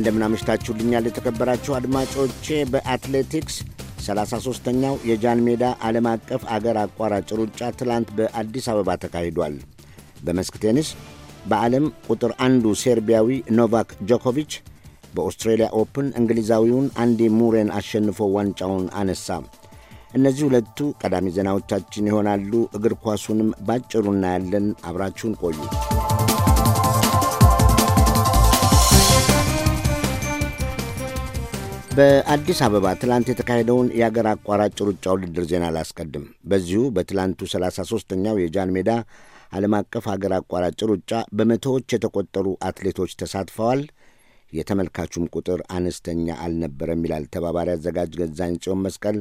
እንደምናመሽታችሁልኛል የተከበራችሁ አድማጮቼ። በአትሌቲክስ 33ኛው የጃን ሜዳ ዓለም አቀፍ አገር አቋራጭ ሩጫ ትላንት በአዲስ አበባ ተካሂዷል። በመስክ ቴኒስ በዓለም ቁጥር አንዱ ሴርቢያዊ ኖቫክ ጆኮቪች በኦስትሬሊያ ኦፕን እንግሊዛዊውን አንዲ ሙሬን አሸንፎ ዋንጫውን አነሳ። እነዚህ ሁለቱ ቀዳሚ ዜናዎቻችን ይሆናሉ። እግር ኳሱንም ባጭሩ እናያለን። አብራችሁን ቆዩ። በአዲስ አበባ ትላንት የተካሄደውን የአገር አቋራጭ ሩጫ ውድድር ዜና አላስቀድም። በዚሁ በትላንቱ 33ኛው የጃን ሜዳ ዓለም አቀፍ አገር አቋራጭ ሩጫ በመቶዎች የተቆጠሩ አትሌቶች ተሳትፈዋል። የተመልካቹም ቁጥር አነስተኛ አልነበረም ይላል ተባባሪ አዘጋጅ ገዛኝ ጽዮን መስቀል።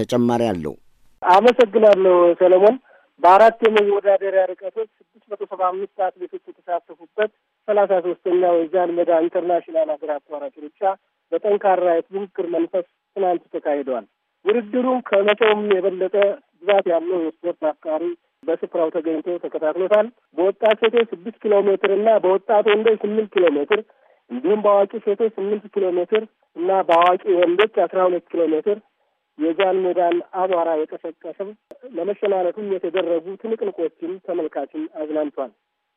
ተጨማሪ አለው። አመሰግናለሁ ሰለሞን። በአራት የመወዳደሪያ ርቀቶች ስድስት መቶ ሰባ አምስት አትሌቶች የተሳተፉበት ሰላሳ ሶስተኛው የጃን ሜዳ ኢንተርናሽናል አገር አቋራጭ ሩጫ በጠንካራ የፉክክር መንፈስ ትናንት ተካሂደዋል። ውድድሩም ከመቼውም የበለጠ ብዛት ያለው የስፖርት አፍቃሪ በስፍራው ተገኝቶ ተከታትሎታል። በወጣት ሴቶች ስድስት ኪሎ ሜትር እና በወጣት ወንዶች ስምንት ኪሎ ሜትር እንዲሁም በአዋቂ ሴቶች ስምንት ኪሎ ሜትር እና በአዋቂ ወንዶች አስራ ሁለት ኪሎ ሜትር የጃን ሜዳን አቧራ የቀሰቀሰው ለመሸናነቱም የተደረጉ ትንቅንቆችን ተመልካችን አዝናንቷል።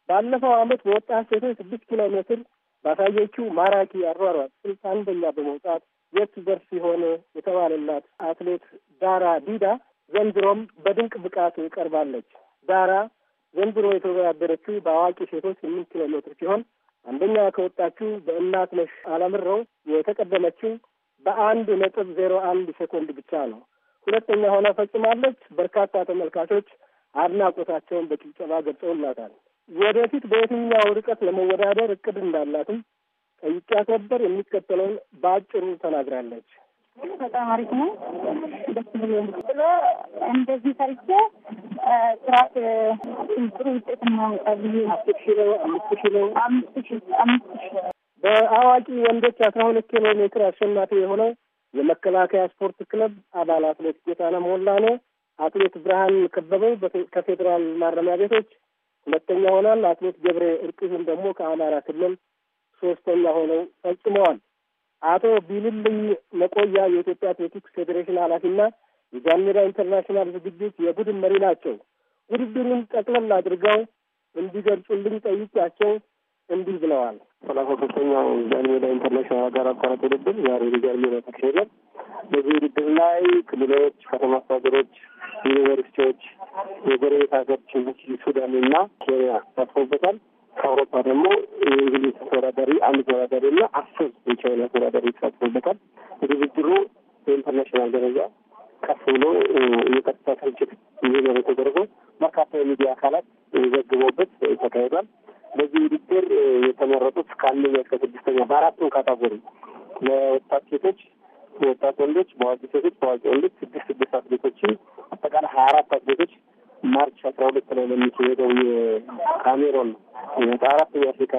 ባለፈው ዓመት በወጣት ሴቶች ስድስት ኪሎ ሜትር ባሳየችው ማራኪ አሯሯጥ ስልሳ አንደኛ በመውጣት የት ዘርፍ የሆነ የተባለላት አትሌት ዳራ ዲዳ ዘንድሮም በድንቅ ብቃት ቀርባለች። ዳራ ዘንድሮ የተወዳደረችው በአዋቂ ሴቶች ስምንት ኪሎ ሜትር ሲሆን አንደኛ ከወጣችው ነሽ አላምረው የተቀደመችው በአንድ ነጥብ ዜሮ አንድ ሴኮንድ ብቻ ነው። ሁለተኛ ሆና ፈጽማለች። በርካታ ተመልካቾች አድናቆታቸውን በጭብጨባ ገልጸውላታል። ወደፊት በየትኛው ርቀት ለመወዳደር እቅድ እንዳላትም ጠይቄ ነበር። የሚከተለውን በአጭሩ ተናግራለች። በጣም አሪፍ ነው። ደስ ብሎ እንደዚህ ሰርቼ ስራት ጥሩ ውጤት ማወጣ አምስት ሺ ነው አምስት ሺ ነው አምስት ሺ አምስት ሺ በአዋቂ ወንዶች አስራ ሁለት ኪሎ ሜትር አሸናፊ የሆነው የመከላከያ ስፖርት ክለብ አባል አትሌት ጌታ ሞላ ነው። አትሌት ብርሃን ከበበው ከፌዴራል ማረሚያ ቤቶች ሁለተኛ ሆናል። አትሌት ገብሬ እርቅዝም ደግሞ ከአማራ ክልል ሶስተኛ ሆነው ፈጽመዋል። አቶ ቢልልኝ መቆያ የኢትዮጵያ አትሌቲክስ ፌዴሬሽን ኃላፊና የጃሜዳ ኢንተርናሽናል ዝግጅት የቡድን መሪ ናቸው። ውድድሩን ጠቅለል አድርገው እንዲገልጹልኝ ጠይቄያቸው እንዲህ ብለዋል። ሰላሳ ሶስተኛው ጃንሜዳ ኢንተርናሽናል ሀገር አቋራጭ ውድድር ዛሬ በጃንሜዳ ተካሂዷል። በዚህ ውድድር ላይ ክልሎች፣ ከተማ አስተዳደሮች፣ ዩኒቨርሲቲዎች፣ የጎረቤት ሀገሮች ሱዳን እና ኬንያ ተሳትፎበታል። ከአውሮፓ ደግሞ የእንግሊዝ ተወዳዳሪ አንድ ተወዳዳሪ እና አስር የቻይና ተወዳዳሪ ተሳትፎበታል። ውድድሩ በኢንተርናሽናል ደረጃ ከፍ ብሎ የቀጥታ ስርጭት እንዲኖረው ተደርጎ በርካታ የሚዲያ አካላት ዘግቦበት ተካሂዷል። የተመረጡት ከአንደኛ እስከ ስድስተኛ በአራቱም ካታጎሪ ለወጣት ሴቶች ወጣት ወንዶች፣ በአዋቂ ሴቶች፣ በአዋቂ ወንዶች ስድስት ስድስት አትሌቶችን አጠቃላይ ሀያ አራት አትሌቶች ማርች አስራ ሁለት ላይ ለሚካሄደው የካሜሮን በአራት የአፍሪካ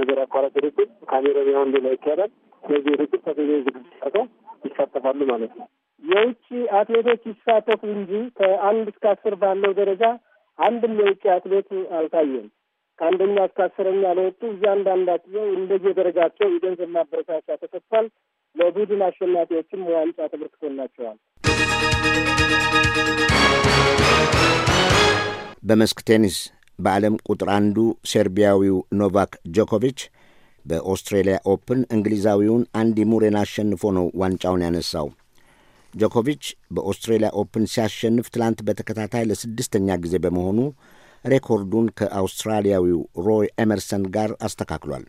ሀገር አቋራጭ ውድድር ካሜሮን ያውንዴ ላይ ይካሄዳል። ስለዚህ ውድድር ተገኘ ዝግጅት አድርገው ይሳተፋሉ ማለት ነው። የውጭ አትሌቶች ይሳተፉ እንጂ ከአንድ እስከ አስር ባለው ደረጃ አንድም የውጭ አትሌት አልታየም። ከአንደኛ እስከ አስረኛ ለወጡ እያንዳንዳቸው እንደየደረጃቸው የገንዘብ ማበረታቻ ተሰጥቷል። ለቡድን አሸናፊዎችም ዋንጫ ተበርክቶላቸዋል። በመስክ ቴኒስ በዓለም ቁጥር አንዱ ሴርቢያዊው ኖቫክ ጆኮቪች በኦስትሬሊያ ኦፕን እንግሊዛዊውን አንዲ ሙሬን አሸንፎ ነው ዋንጫውን ያነሳው። ጆኮቪች በኦስትሬሊያ ኦፕን ሲያሸንፍ ትላንት በተከታታይ ለስድስተኛ ጊዜ በመሆኑ ሬኮርዱን ከአውስትራሊያዊው ሮይ ኤመርሰን ጋር አስተካክሏል።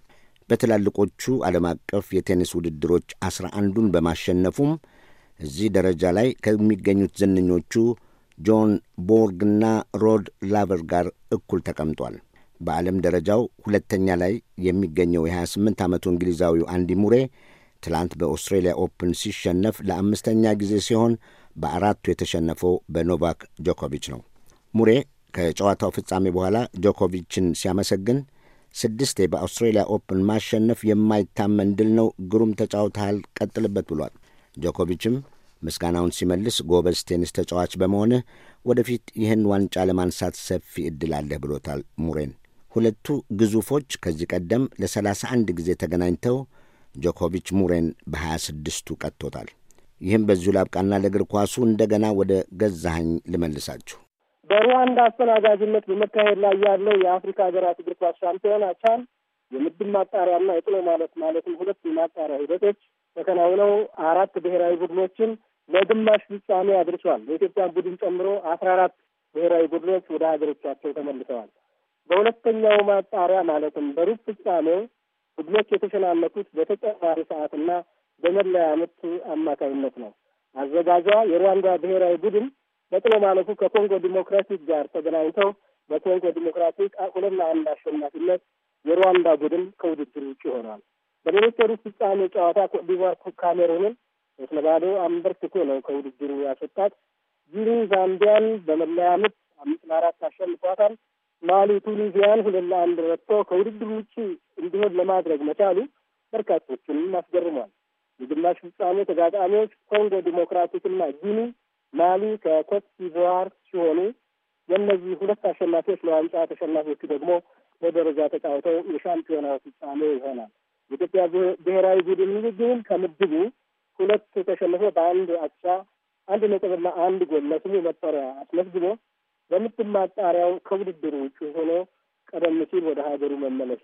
በትላልቆቹ ዓለም አቀፍ የቴኒስ ውድድሮች አስራ አንዱን በማሸነፉም እዚህ ደረጃ ላይ ከሚገኙት ዝነኞቹ ጆን ቦርግና ሮድ ላቨር ጋር እኩል ተቀምጧል። በዓለም ደረጃው ሁለተኛ ላይ የሚገኘው የ28 ዓመቱ እንግሊዛዊው አንዲ ሙሬ ትላንት በኦስትሬሊያ ኦፕን ሲሸነፍ ለአምስተኛ ጊዜ ሲሆን በአራቱ የተሸነፈው በኖቫክ ጆኮቪች ነው። ሙሬ ከጨዋታው ፍጻሜ በኋላ ጆኮቪችን ሲያመሰግን ስድስቴ በአውስትሬሊያ ኦፕን ማሸነፍ የማይታመን ድል ነው፣ ግሩም ተጫውተሃል፣ ቀጥልበት ብሏል። ጆኮቪችም ምስጋናውን ሲመልስ ጎበዝ ቴኒስ ተጫዋች በመሆንህ ወደፊት ይህን ዋንጫ ለማንሳት ሰፊ ዕድል አለህ ብሎታል ሙሬን። ሁለቱ ግዙፎች ከዚህ ቀደም ለ31 ጊዜ ተገናኝተው ጆኮቪች ሙሬን በ26ቱ ቀጥቶታል ይህም በዚሁ ላብቃና ለእግር ኳሱ እንደገና ወደ ገዛኸኝ ልመልሳችሁ። በሩዋንዳ አስተናጋጅነት በመካሄድ ላይ ያለው የአፍሪካ ሀገራት እግር ኳስ ሻምፒዮና ቻን የምድብ ማጣሪያና የጥሎ ማለት ማለትም ሁለት የማጣሪያ ሂደቶች ተከናውነው አራት ብሔራዊ ቡድኖችን ለግማሽ ፍጻሜ አድርሷል። የኢትዮጵያን ቡድን ጨምሮ አስራ አራት ብሔራዊ ቡድኖች ወደ ሀገሮቻቸው ተመልሰዋል። በሁለተኛው ማጣሪያ ማለትም በሩብ ፍጻሜው ቡድኖች የተሸናነፉት በተጨማሪ ሰዓትና በመለያ ምት አማካኝነት ነው። አዘጋጇ የሩዋንዳ ብሔራዊ ቡድን በጥሎ ማለፉ ከኮንጎ ዲሞክራቲክ ጋር ተገናኝተው በኮንጎ ዲሞክራቲክ ሁለት ለአንድ አሸናፊነት የሩዋንዳ ቡድን ከውድድር ውጭ ሆኗል። በሌሎች ሩብ ፍጻሜ ጨዋታ ኮትዲቯር ካሜሩንን ሶስት ለባዶ አንበርክኮ ነው ከውድድሩ ያስወጣት። ጊኒ ዛምቢያን በመለያ ምት አምስት ለአራት አሸንፏታል። ማሊ ቱኒዚያን ሁለት ለአንድ ረትቶ ከውድድሩ ውጭ እንዲሆን ለማድረግ መቻሉ በርካቶችንም አስገርሟል። የግማሽ ፍጻሜ ተጋጣሚዎች ኮንጎ እና ጊኒ ማሊ ከኮት ዲቯር ሲሆኑ የእነዚህ ሁለት አሸናፊዎች ለዋንጫ ተሸናፊዎቹ ደግሞ በደረጃ ተጫውተው የሻምፒዮናው ፍጻሜ ይሆናል። የኢትዮጵያ ብሔራዊ ቡድን ውድድሩን ከምድቡ ሁለት ተሸንፎ በአንድ አቻ አንድ ነጥብና አንድ ጎል ለስሙ መጠሪያ አስመዝግቦ በምድብ ማጣሪያው ከውድድሩ ውጭ ሆኖ ቀደም ሲል ወደ ሀገሩ መመለሱ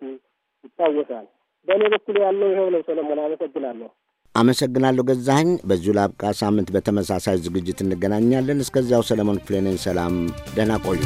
ይታወሳል። በእኔ በኩል ያለው ይኸው ነው። ሰለሞን አመሰግናለሁ። አመሰግናለሁ ገዛኸኝ። በዚሁ ላብቃ። ሳምንት በተመሳሳይ ዝግጅት እንገናኛለን። እስከዚያው ሰለሞን ክፍሌ ነኝ። ሰላም፣ ደህና ቆዩ።